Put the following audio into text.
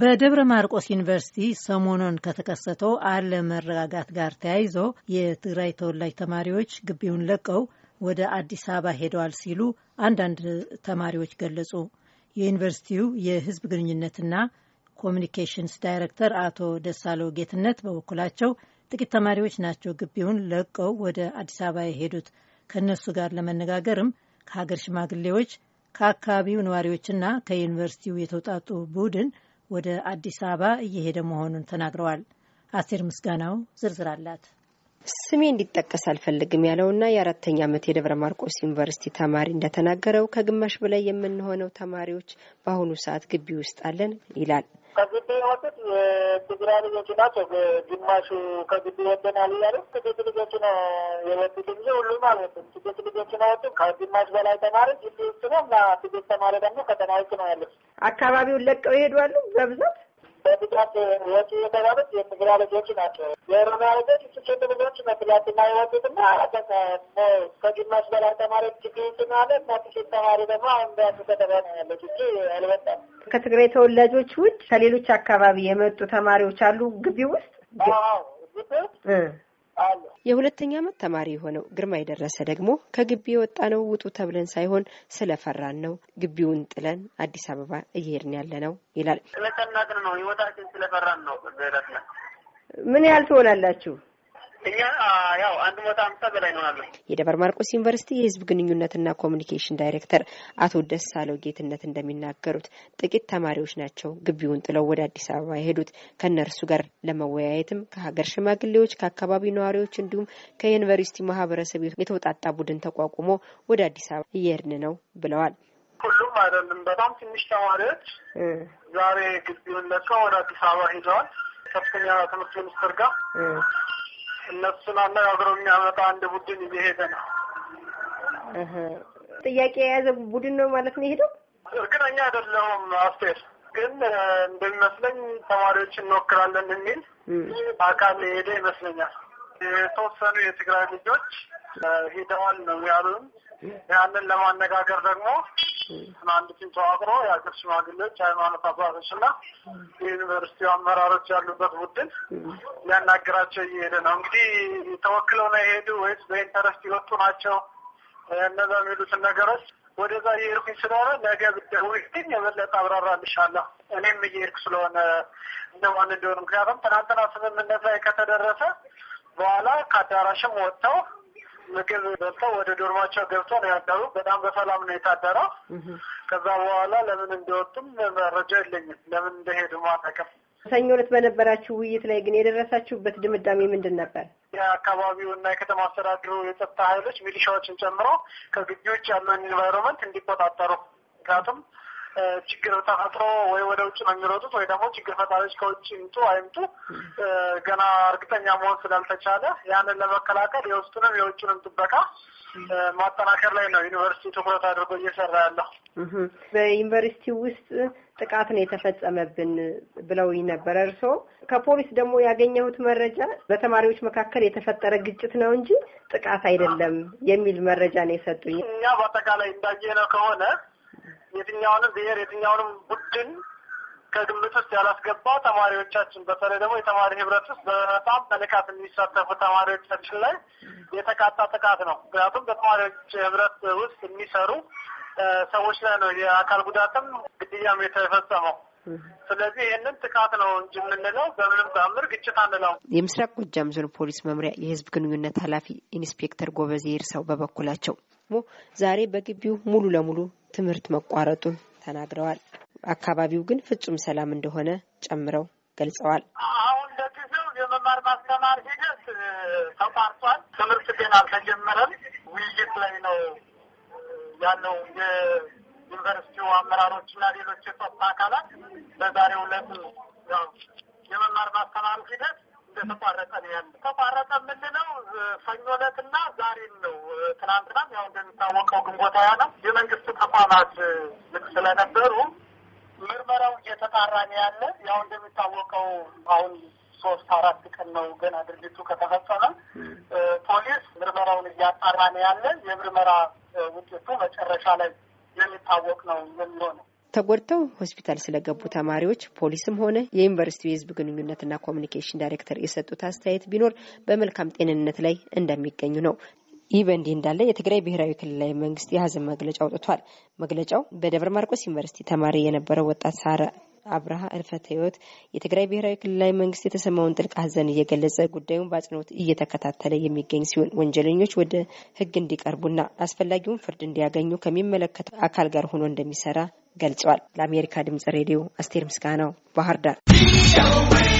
በደብረ ማርቆስ ዩኒቨርሲቲ ሰሞኑን ከተከሰተው አለመረጋጋት ጋር ተያይዞ የትግራይ ተወላጅ ተማሪዎች ግቢውን ለቀው ወደ አዲስ አበባ ሄደዋል ሲሉ አንዳንድ ተማሪዎች ገለጹ። የዩኒቨርሲቲው የሕዝብ ግንኙነትና ኮሚኒኬሽንስ ዳይሬክተር አቶ ደሳለው ጌትነት በበኩላቸው ጥቂት ተማሪዎች ናቸው ግቢውን ለቀው ወደ አዲስ አበባ የሄዱት። ከእነሱ ጋር ለመነጋገርም ከሀገር ሽማግሌዎች፣ ከአካባቢው ነዋሪዎችና ከዩኒቨርሲቲው የተውጣጡ ቡድን ወደ አዲስ አበባ እየሄደ መሆኑን ተናግረዋል። አስቴር ምስጋናው ዝርዝር አላት። ስሜ እንዲጠቀስ አልፈልግም ያለውና የአራተኛ ዓመት የደብረ ማርቆስ ዩኒቨርሲቲ ተማሪ እንደተናገረው ከግማሽ በላይ የምንሆነው ተማሪዎች በአሁኑ ሰዓት ግቢ ውስጥ አለን ይላል። ከግቢ የወጡት የትግራይ ልጆች ናቸው። ግማሹ ከግቢ ወደናል እያሉ ትግት ልጆች ነው የወጡት እንጂ ሁሉም አልወጡም። ትግት ልጆች ነው የወጡት። ከግማሽ በላይ ተማሪ ግቢ ውስጥ ነው እና ትግት ተማሪ ደግሞ ከተማ ውስጥ ነው ያሉት። አካባቢውን ለቀው ይሄዳሉ በብዛት በብዛት ወጡ የተባሉት የትግራይ ልጆች ናቸው። የኦሮሚያ ልጆች ስኬት ልጆች ና ከግማሽ በላይ እና ተማሪ ደግሞ አሁን ከተማ ነው ያለች ከትግራይ ተወላጆች ውጭ ከሌሎች አካባቢ የመጡ ተማሪዎች አሉ ግቢ ውስጥ የሁለተኛ ዓመት ተማሪ የሆነው ግርማ የደረሰ ደግሞ ከግቢ የወጣ ነው ውጡ ተብለን ሳይሆን ስለፈራን ነው ግቢውን ጥለን አዲስ አበባ እየሄድን ያለ ነው ይላል። ስለጨናቅን ነው ህይወታችን ስለፈራን ነው። ምን ያህል ትሆናላችሁ? እኛ ያው አንድ መቶ አምሳ በላይ ይሆናሉ። የደብረ ማርቆስ ዩኒቨርሲቲ የህዝብ ግንኙነትና ኮሚኒኬሽን ዳይሬክተር አቶ ደሳለው ጌትነት እንደሚናገሩት ጥቂት ተማሪዎች ናቸው ግቢውን ጥለው ወደ አዲስ አበባ የሄዱት። ከእነርሱ ጋር ለመወያየትም ከሀገር ሽማግሌዎች፣ ከአካባቢ ነዋሪዎች እንዲሁም ከዩኒቨርሲቲ ማህበረሰብ የተውጣጣ ቡድን ተቋቁሞ ወደ አዲስ አበባ እየሄድን ነው ብለዋል። ሁሉም አይደለም፣ በጣም ትንሽ ተማሪዎች ዛሬ ግቢውን ለቀው ወደ አዲስ አበባ ሄደዋል ከፍተኛ ትምህርት ሚኒስትር ጋር እነሱን አነጋግሮ የሚያመጣ አንድ ቡድን እየሄደ ነው። ጥያቄ የያዘ ቡድን ነው ማለት ነው የሄደው። እርግጠኛ አይደለሁም አስቴር፣ ግን እንደሚመስለኝ ተማሪዎች እንወክራለን የሚል አካል የሄደ ይመስለኛል። የተወሰኑ የትግራይ ልጆች ሄደዋል ነው ያሉን። ያንን ለማነጋገር ደግሞ አንድ ተዋቅሮ የሀገር ሽማግሌዎች፣ ሃይማኖት አባቶች እና የዩኒቨርሲቲ አመራሮች ያሉበት ቡድን ሊያናገራቸው እየሄደ ነው። እንግዲህ ተወክለው ነው የሄዱ ወይስ በኢንተረስት የወጡ ናቸው? እነዛ የሚሉትን ነገሮች ወደዛ እየሄድኩኝ ስለሆነ ነገ ብትደውይልኝ የበለጠ አብራራልሻለሁ። እኔም እየሄድኩ ስለሆነ እንደማን እንደሆኑ ምክንያቱም ትናንትና ስምምነት ላይ ከተደረሰ በኋላ ከአዳራሽም ወጥተው ምግብ በልተው ወደ ዶርማቸው ገብተው ነው ያደሩ። በጣም በሰላም ነው የታደረው። ከዛ በኋላ ለምን እንደወጡም መረጃ የለኝም። ለምን እንደሄዱ ማጠቅም ሰኞ ዕለት በነበራችሁ ውይይት ላይ ግን የደረሳችሁበት ድምዳሜ ምንድን ነበር? የአካባቢው እና የከተማ አስተዳደሩ የጸጥታ ኃይሎች ሚሊሻዎችን ጨምሮ ከግቢ ውጭ ያለውን ኢንቫይሮንመንት እንዲቆጣጠሩ ምክንያቱም ችግር ተፈጥሮ ወይ ወደ ውጭ ነው የሚሮጡት ወይ ደግሞ ችግር ፈጣሪዎች ከውጭ ይምጡ አይምጡ ገና እርግጠኛ መሆን ስላልተቻለ ያንን ለመከላከል የውስጡንም የውጭንም ጥበቃ ማጠናከር ላይ ነው ዩኒቨርሲቲ ትኩረት አድርጎ እየሰራ ያለው። በዩኒቨርሲቲ ውስጥ ጥቃት ነው የተፈጸመብን ብለውኝ ነበረ። እርስዎ ከፖሊስ ደግሞ ያገኘሁት መረጃ በተማሪዎች መካከል የተፈጠረ ግጭት ነው እንጂ ጥቃት አይደለም የሚል መረጃ ነው የሰጡኝ። እኛ በአጠቃላይ እንዳየነው ከሆነ የትኛውንም ብሔር የትኛውንም ቡድን ከግምት ውስጥ ያላስገባ ተማሪዎቻችን በተለይ ደግሞ የተማሪ ህብረት ውስጥ በጣም በንቃት የሚሳተፉ ተማሪዎቻችን ላይ የተቃጣ ጥቃት ነው። ምክንያቱም በተማሪዎች ህብረት ውስጥ የሚሰሩ ሰዎች ላይ ነው የአካል ጉዳትም ግድያም የተፈጸመው። ስለዚህ ይህንን ጥቃት ነው እንጂ የምንለው በምንም በምር ግጭት አንለው። የምስራቅ ጎጃም ዞን ፖሊስ መምሪያ የህዝብ ግንኙነት ኃላፊ ኢንስፔክተር ጎበዜ ይርሰው በበኩላቸው ዛሬ በግቢው ሙሉ ለሙሉ ትምህርት መቋረጡን ተናግረዋል። አካባቢው ግን ፍጹም ሰላም እንደሆነ ጨምረው ገልጸዋል። አሁን ለጊዜው የመማር ማስተማር ሂደት ተቋርጧል። ትምህርት ግን አልተጀመረም። ውይይት ላይ ነው ያለው የዩኒቨርሲቲው አመራሮች እና ሌሎች የጸጥታ አካላት በዛሬው ዕለት የመማር ማስተማሩ ሂደት እንደተቋረጠ ነው ያለ። ተቋረጠ የምንለው ሰኞ ዕለትና ዛሬን ነው። ትናንትናም ያው እንደሚታወቀው ግንቦት ሃያ ነው የመንግስት ተቋማት ስለነበሩ ምርመራው እየተጣራ ነው ያለ። ያው እንደሚታወቀው አሁን ሶስት አራት ቀን ነው ገና ድርጊቱ ከተፈጸመ። ፖሊስ ምርመራውን እያጣራ ነው ያለ። የምርመራ ውጤቱ መጨረሻ ላይ የሚታወቅ ነው የሚሆነው። ተጎድተው ሆስፒታል ስለገቡ ተማሪዎች ፖሊስም ሆነ የዩኒቨርሲቲው የሕዝብ ግንኙነትና ኮሚኒኬሽን ዳይሬክተር የሰጡት አስተያየት ቢኖር በመልካም ጤንነት ላይ እንደሚገኙ ነው። ይህ በእንዲህ እንዳለ የትግራይ ብሔራዊ ክልላዊ መንግስት የሀዘን መግለጫ አውጥቷል። መግለጫው በደብረ ማርቆስ ዩኒቨርሲቲ ተማሪ የነበረው ወጣት ሳረ አብርሃ እልፈተ ህይወት የትግራይ ብሔራዊ ክልላዊ መንግስት የተሰማውን ጥልቅ ሀዘን እየገለጸ ጉዳዩን በአጽንኦት እየተከታተለ የሚገኝ ሲሆን ወንጀለኞች ወደ ህግ እንዲቀርቡና አስፈላጊውን ፍርድ እንዲያገኙ ከሚመለከተው አካል ጋር ሆኖ እንደሚሰራ ገልጿል። ለአሜሪካ ድምጽ ሬዲዮ አስቴር ምስጋናው ባህር ዳር